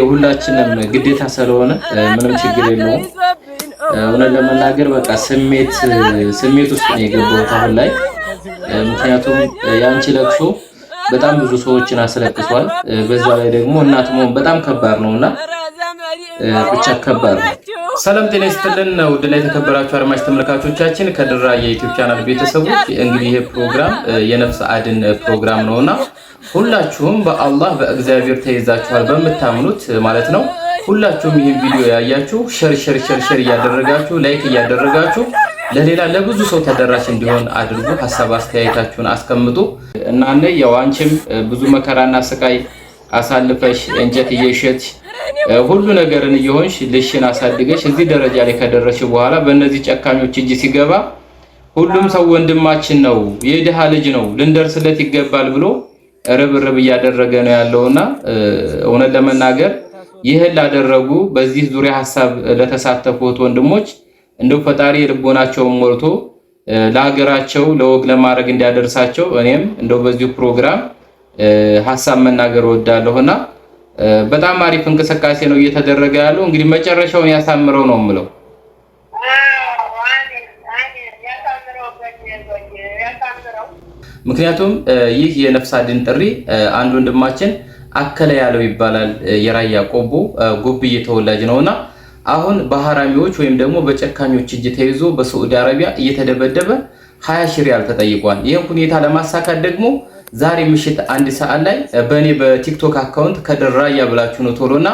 የሁላችንም ግዴታ ስለሆነ ምንም ችግር የለውም። እውነት ለመናገር በቃ ስሜት ስሜት ውስጥ ነው የገባሁት አሁን ላይ ምክንያቱም የአንቺ ለቅሶ በጣም ብዙ ሰዎችን አስለቅሷል። በዛ ላይ ደግሞ እናት መሆን በጣም ከባድ ነው እና ብቻ ከባድ ነው። ሰላም ጤና ይስጥልን። ነው ውድ ላይ የተከበራችሁ አድማጭ ተመልካቾቻችን ከድራ የዩቲዩብ ቻናል ቤተሰቦች እንግዲህ ይሄ ፕሮግራም የነፍስ አድን ፕሮግራም ነውና ሁላችሁም በአላህ በእግዚአብሔር ተይዛችኋል በምታምኑት ማለት ነው። ሁላችሁም ይህን ቪዲዮ ያያችሁ ሸር ሸር ሸር ሸር እያደረጋችሁ ላይክ እያደረጋችሁ ለሌላ ለብዙ ሰው ተደራሽ እንዲሆን አድርጉ። ሀሳብ አስተያየታችሁን አስቀምጡ እና ያው አንቺም ብዙ መከራና ስቃይ አሳልፈሽ እንጨት እየሸጥሽ ሁሉ ነገርን እየሆንሽ ልሽን አሳድገሽ እዚህ ደረጃ ላይ ከደረሽ በኋላ በእነዚህ ጨካኞች እጅ ሲገባ ሁሉም ሰው ወንድማችን ነው፣ የድሃ ልጅ ነው፣ ልንደርስለት ይገባል ብሎ ርብርብ እያደረገ ነው ያለውና እውነት ለመናገር ይህን ላደረጉ በዚህ ዙሪያ ሀሳብ ለተሳተፉት ወንድሞች እንደው ፈጣሪ ልቦናቸውን ሞልቶ ለሀገራቸው ለወግ ለማድረግ እንዲያደርሳቸው እኔም እንደው በዚሁ ፕሮግራም ሀሳብ መናገር እወዳለሁና በጣም አሪፍ እንቅስቃሴ ነው እየተደረገ ያለው። እንግዲህ መጨረሻውን ያሳምረው ነው የምለው። ምክንያቱም ይህ የነፍስ አድን ጥሪ አንድ ወንድማችን አከለ ያለው ይባላል የራያ ቆቦ ጎብዬ ተወላጅ ነውና አሁን በሀራሚዎች ወይም ደግሞ በጨካኞች እጅ ተይዞ በሳዑዲ አረቢያ እየተደበደበ ሀያ ሺህ ሪያል ተጠይቋል። ይህን ሁኔታ ለማሳካት ደግሞ ዛሬ ምሽት አንድ ሰዓት ላይ በእኔ በቲክቶክ አካውንት ከድር ራያ ብላችሁ ነው ቶሎና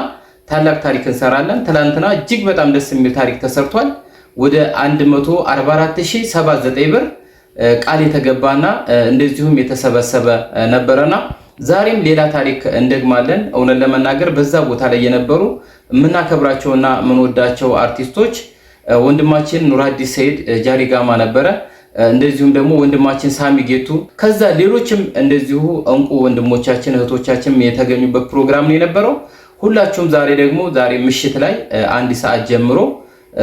ታላቅ ታሪክ እንሰራለን። ትላንትና እጅግ በጣም ደስ የሚል ታሪክ ተሰርቷል። ወደ 144079 ብር ቃል የተገባና እንደዚሁም የተሰበሰበ ነበረና ዛሬም ሌላ ታሪክ እንደግማለን። እውነት ለመናገር በዛ ቦታ ላይ የነበሩ የምናከብራቸውና የምንወዳቸው አርቲስቶች ወንድማችን ኑር አዲስ ሰይድ ጃሪጋማ ነበረ። እንደዚሁም ደግሞ ወንድማችን ሳሚ ጌቱ ከዛ ሌሎችም እንደዚሁ እንቁ ወንድሞቻችን እህቶቻችን የተገኙበት ፕሮግራም ነው የነበረው። ሁላችሁም ዛሬ ደግሞ ዛሬ ምሽት ላይ አንድ ሰዓት ጀምሮ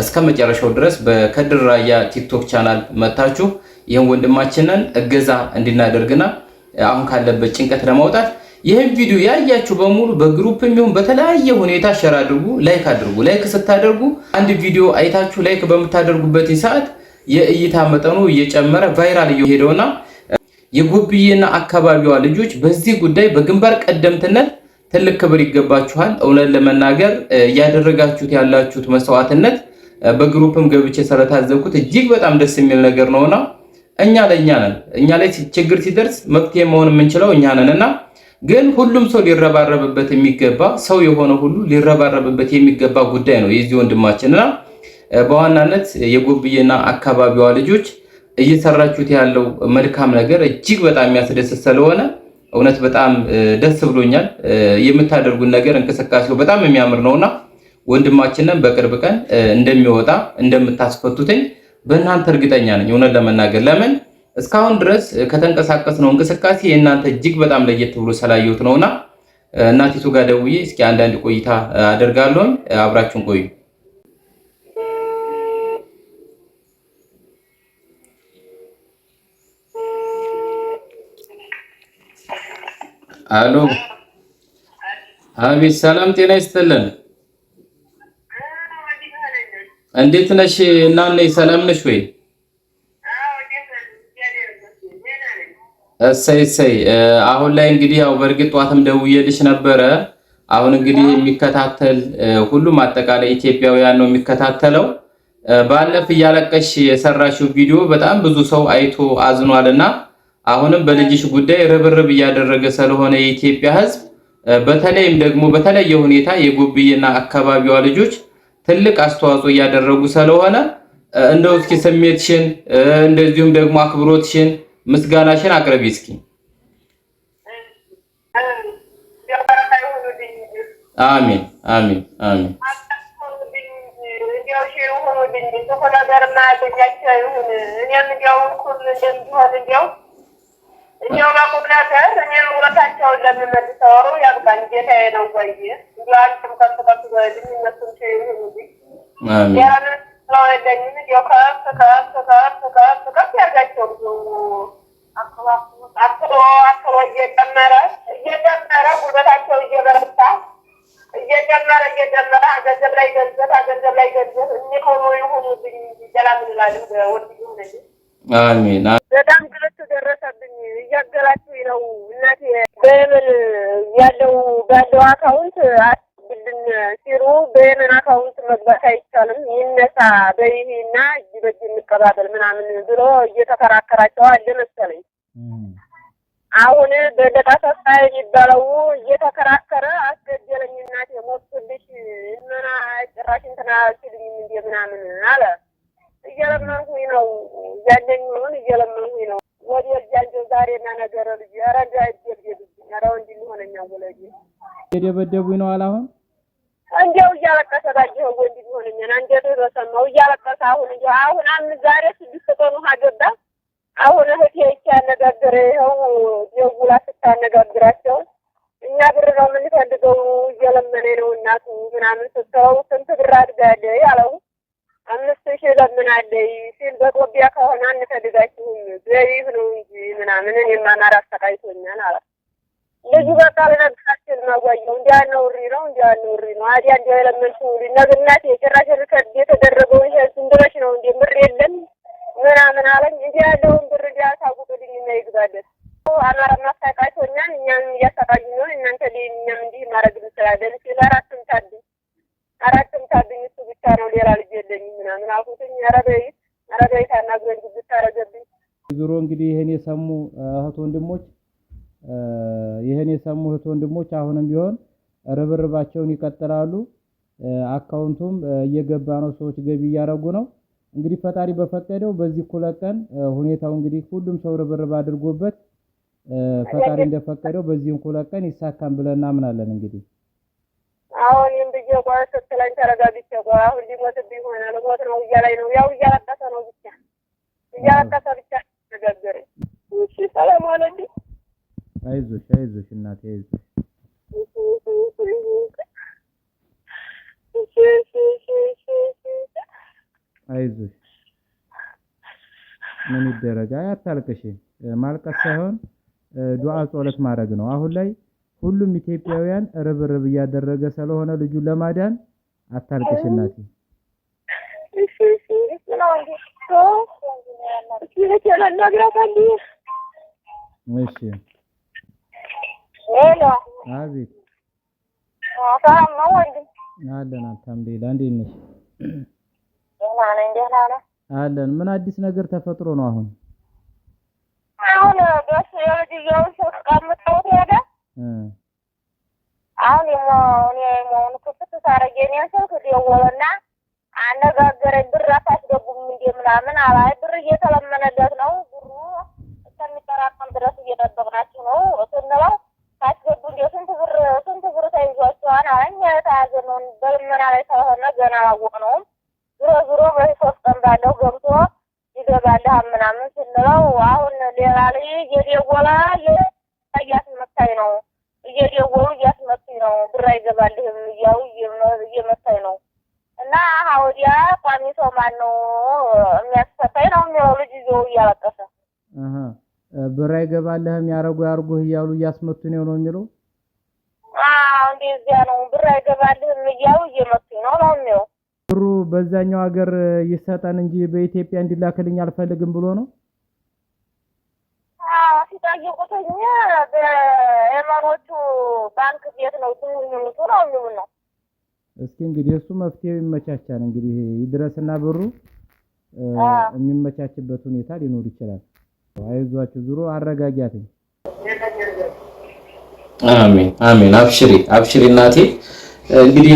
እስከ መጨረሻው ድረስ በከድር ራያ ቲክቶክ ቻናል መታችሁ ይህን ወንድማችንን እገዛ እንድናደርግና አሁን ካለበት ጭንቀት ለማውጣት ይህን ቪዲዮ ያያችሁ በሙሉ በግሩፕ የሚሆን በተለያየ ሁኔታ ሸር አድርጉ፣ ላይክ አድርጉ። ላይክ ስታደርጉ አንድ ቪዲዮ አይታችሁ ላይክ በምታደርጉበት ሰዓት የእይታ መጠኑ እየጨመረ ቫይራል እየሄደውና የጉብዬና አካባቢዋ ልጆች በዚህ ጉዳይ በግንባር ቀደምትነት ትልቅ ክብር ይገባችኋል። እውነት ለመናገር እያደረጋችሁት ያላችሁት መስዋዕትነት በግሩፕም ገብቼ ስለታዘብኩት እጅግ በጣም ደስ የሚል ነገር ነውና እኛ ለእኛ ነን። እኛ ላይ ችግር ሲደርስ መፍትሄ መሆን የምንችለው እኛ እና ግን ሁሉም ሰው ሊረባረብበት የሚገባ ሰው የሆነ ሁሉ ሊረባረብበት የሚገባ ጉዳይ ነው የዚህ ወንድማችንና በዋናነት የጎብዬና አካባቢዋ ልጆች እየሰራችሁት ያለው መልካም ነገር እጅግ በጣም የሚያስደስት ስለሆነ እውነት በጣም ደስ ብሎኛል። የምታደርጉን ነገር እንቅስቃሴው በጣም የሚያምር ነውና ወንድማችንን በቅርብ ቀን እንደሚወጣ እንደምታስፈቱትኝ በእናንተ እርግጠኛ ነኝ። እውነት ለመናገር ለምን እስካሁን ድረስ ከተንቀሳቀስ ነው እንቅስቃሴ የእናንተ እጅግ በጣም ለየት ብሎ ስላየሁት ነውና እናቲቱ ጋር ደውዬ እስኪ አንዳንድ ቆይታ አደርጋለሁኝ። አብራችሁን ቆዩ። አሎ አቤት። ሰላም ጤና ይስጥልን። እንዴት ነሽ? እናኔ ሰላም ነሽ ወይ? እሰይ እሰይ። አሁን ላይ እንግዲህ ያው በእርግጥ ጧትም ደውዬልሽ ነበረ። አሁን እንግዲህ የሚከታተል ሁሉም አጠቃላይ ኢትዮጵያውያን ነው የሚከታተለው። ባለፈ እያለቀሽ የሰራሽው ቪዲዮ በጣም ብዙ ሰው አይቶ አዝኗልና አሁንም በልጅሽ ጉዳይ ርብርብ እያደረገ ስለሆነ የኢትዮጵያ ሕዝብ በተለይም ደግሞ በተለየ ሁኔታ የጎብዬና አካባቢዋ ልጆች ትልቅ አስተዋጽኦ እያደረጉ ስለሆነ እንደው እስኪ ስሜትሽን እንደዚሁም ደግሞ አክብሮትሽን ምስጋናሽን አቅርቢ እስኪ። አሚን አሚን አሚን። እንዲያው እንዲያው በቁምነትህ እኔም ውለታቸውን ለምመልሰው ያብቃኝ ጌታዬ ነው። ቆይ እንዲያው አንቺም ከፍ ከፍ በልኝ እነሱም ስለወደኝም እንዲያው ከፍ ከፍ ከፍ ከፍ ከፍ ያርጋቸው። አክሎ አክሎ እየጨመረ እየጨመረ ጉልበታቸው እየበረታ እየጨመረ እየጨመረ ገንዘብ ላይ ገንዘብ ገንዘብ ላይ ገንዘብ እኔ ሆኖ ይሁኑልኝ። ሰላም እንላለን። ወድ አሜን ነው እናቴ በየመን ያለው ባለው አካውንት አድልን ሲሉ በየመን አካውንት መግባት አይቻልም፣ ይነሳ በይሄ በይህና እጅ በእጅ እንቀባበል ምናምን ብሎ እየተከራከራቸው አለ መሰለኝ። አሁን በለጣ ተስፋ የሚባለው እየተከራከረ አስገደለኝ እናቴ ሞትልሽ እመና ጭራሽ እንትና ሲልኝ እንደ ምናምን አለ። እየለመንኩኝ ነው ሆን እየለመንኩኝ ነው ጓደኛ ነገር ልጅ ኧረ እንዳይደል ጌዱብኝ ኧረ ወንድ ሊሆነኛ ወለጅ የደበደቡኝ ነው አለ አሁን እንዲያው እያለቀሰ ባየኸው ወንድ ሊሆነኛና እንደ በሰማው እያለቀሰ አሁን እንዲያው አሁን አም ዛሬ ስድስት ቀኑ ሀገባ አሁን እህቴ ሲያነጋግር ይኸው ደውላ ስታነጋግራቸው እኛ ብር ነው የምንፈልገው እየለመነ ነው እናቱ ምናምን ስትለው ስንት ብር አድጋለ ያለው አምስት ሺህ እለምናለሁ ሲል በጦቢያ ከሆነ አንፈልጋችሁም ገቢህ ነው እንጂ ምናምን እኔማ ማር አሰቃይቶኛል አላት። ልጁ በቃ በነግሳችን መጓየው እንዲ ያነውሪ ነው እንዲ ያነውሪ ነው አዲያ እንዲ የለመንሽው ነግናት የጭራሽ ርከድ የተደረገው ይሄ ዝንድረሽ ነው እንዲ ምር የለም ምናምን አለኝ። እንዲ ያለውን ብር እንዲ ያሳውቅልኝ እና ይግዛለት ያሉት ወንድሞች አሁንም ቢሆን ርብርባቸውን ይቀጥላሉ። አካውንቱም እየገባ ነው፣ ሰዎች ገቢ እያደረጉ ነው። እንግዲህ ፈጣሪ በፈቀደው በዚህ ሁለት ቀን ሁኔታው እንግዲህ ሁሉም ሰው ርብርብ አድርጎበት ፈጣሪ እንደፈቀደው በዚህ ሁለት ቀን ይሳካም ብለን እናምናለን። እንግዲህ አሁን ይህም ብዬ ቆይ ስትለኝ ተረጋግቼ አሁን ሊሞትብኝ ቢሆን ልሞት ነው ነው ያው እያለ እናቴ አይዞሽ። አይዞሽ ምን ይደረግ፣ አያታልቅሽ። ማልቀስ ሳይሆን ዱዓ ጸሎት ማድረግ ነው። አሁን ላይ ሁሉም ኢትዮጵያውያን ርብርብ እያደረገ ስለሆነ ልጁን ለማዳን አታልቅሽ እናቴ። እሺ ሄሎ። አቤት። ሰላም ነው ወንድም? አለን አልሐምዱሊላህ። እንዴት ነሽ? ደህና ነኝ። ደህና ነህ? አለን። ምን አዲስ ነገር ተፈጥሮ ነው አሁን? አሁን ደስ የልጅየው ስልክ ቀምጠውት ሄደ። አሁን የመሆን የመሆን ክፍት ሳረግ የኔን ስልክ ደወለና አነጋገረኝ። ብር አታስገቡም እንዴ ምናምን አላ ብር እየተለመነለት ነው ብሩ እስከሚጠራቀም ድረስ እየጠበቅናችሁ ነው ስንለው አሁን በልመና ላይ ስለሆነ ገና አላወቅነውም። ዞሮ ዞሮ በሶስት ቀን ባለው ገብቶ ይገባልህ ምናምን ስንለው አሁን ሌላ ልጅ እየደወለ እያስመታኝ ነው፣ እየደወሉ እያስመቱኝ ነው፣ ብር አይገባልህም እያሉ እየመታኝ ነው። እና ሀውዲያ ቋሚ ሰው ማን ነው የሚያስፈታኝ ነው የሚለው ልጅ ይዞ እያለቀሰ ብር አይገባልህም ያረጉ ያርጉህ እያሉ እያስመቱኝ ነው ነው የሚለው እንደዚያ ነው ብር አይገባልህም እያሉ እየመቱኝ ነው ነው የሚለው። ብሩ በዛኛው ሀገር ይሰጠን እንጂ በኢትዮጵያ እንዲላክልኝ አልፈልግም ብሎ ነው ሲጠይቁትኝ በኤመኖቹ ባንክ ቤት ነው ትንኙቱ ነው የሚሉ ነው። እስኪ እንግዲህ እሱ መፍትሄው ይመቻቻል። እንግዲህ ይድረስና ብሩ የሚመቻችበት ሁኔታ ሊኖር ይችላል። አይዟችሁ ዙሮ አረጋጊያትኝ አሜን አሜን። አብሽሪ አብሽሪ እናቴ እንግዲህ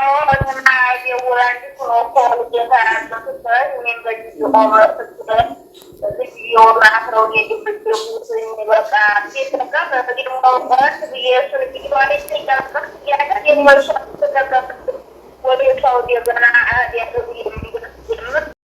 mau mengenal dia bulan di Kuroko dia kan maksudnya ingin bagi orang dia orang rohnya di betul betul ini bahkan dia terkena bagi dia sudah di waris tinggal kerja ada dia mau sudah kerja boleh tahu dia benar dia lebih